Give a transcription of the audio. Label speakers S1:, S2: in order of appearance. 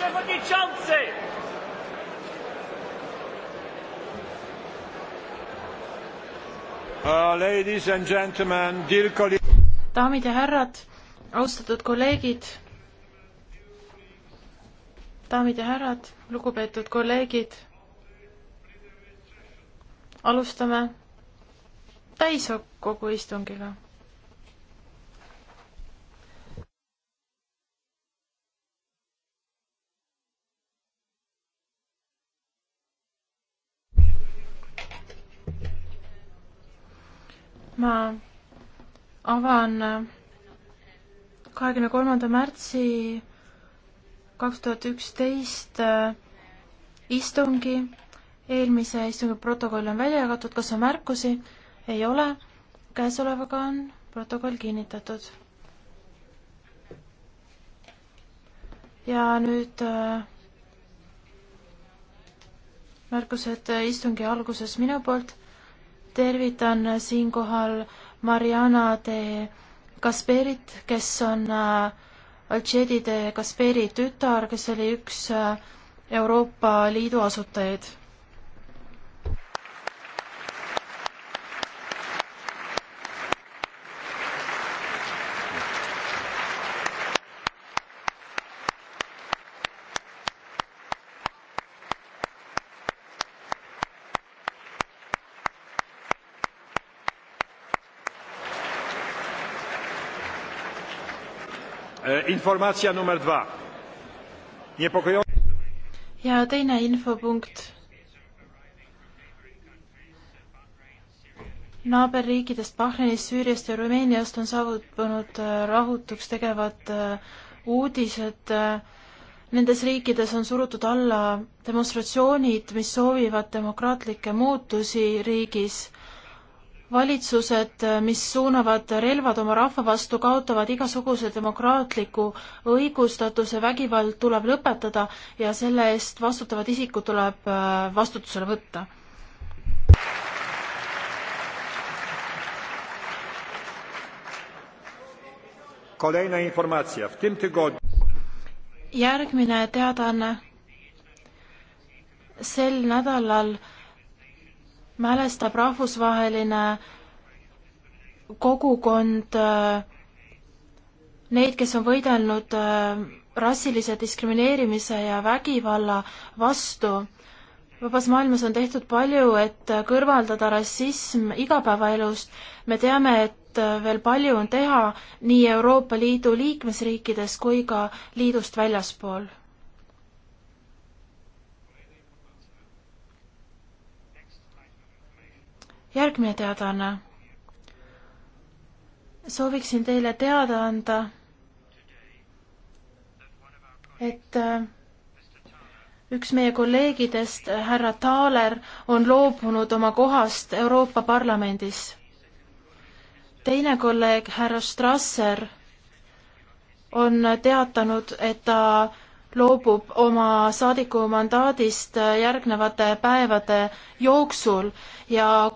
S1: przewodniczący! Uh, ladies and gentlemen, dear colleagues. daamid ja härrad, austatud kolleegid. daamid ja härrad, lugupeetud kolleegid. alustame täiskogu istungiga ma avan äh, kahekümne kolmanda märtsi kaks tuhat üksteist äh, istungi. eelmise istungi protokoll on välja jagatud, kas on märkusi? ei ole. käesolevaga on protokoll kinnitatud. ja nüüd äh, märkused istungi alguses minu poolt tervitan siinkohal Mariana de Kasperit, kes on äh, Alcedi de Kasperi tütar, kes oli üks äh, Euroopa Liidu asutajaid E, informacja numer dwa. Niepokojące. ja teine infopunkt. naaberriikidest Bahrainist, Süüriast ja Rumeeniast on saabunud e, rahutuks tegevad e, uudised. Nendes riikides on surutud alla demonstratsioonid, mis soovivad demokraatlikke muutusi riigis valitsused, mis suunavad relvad oma rahva vastu, kaotavad igasuguse demokraatliku õigustatuse, vägivald tuleb lõpetada ja selle eest vastutavad isikud tuleb äh, vastutusele võtta. järgmine teadaanne. sel nädalal mälestab rahvusvaheline kogukond äh, neid, kes on võidelnud äh, rassilise diskrimineerimise ja vägivalla vastu. vabas maailmas on tehtud palju, et kõrvaldada rassism igapäevaelust. me teame, et äh, veel palju on teha nii Euroopa Liidu liikmesriikides kui ka liidust väljaspool järgmine teadaanne. sooviksin teile teada anda, et äh, üks meie kolleegidest, härra Taaler, on loobunud oma kohast Euroopa Parlamendis. teine kolleeg, härra Strasser, on teatanud, et ta loobub oma saadikumandaadist järgnevate päevade jooksul ja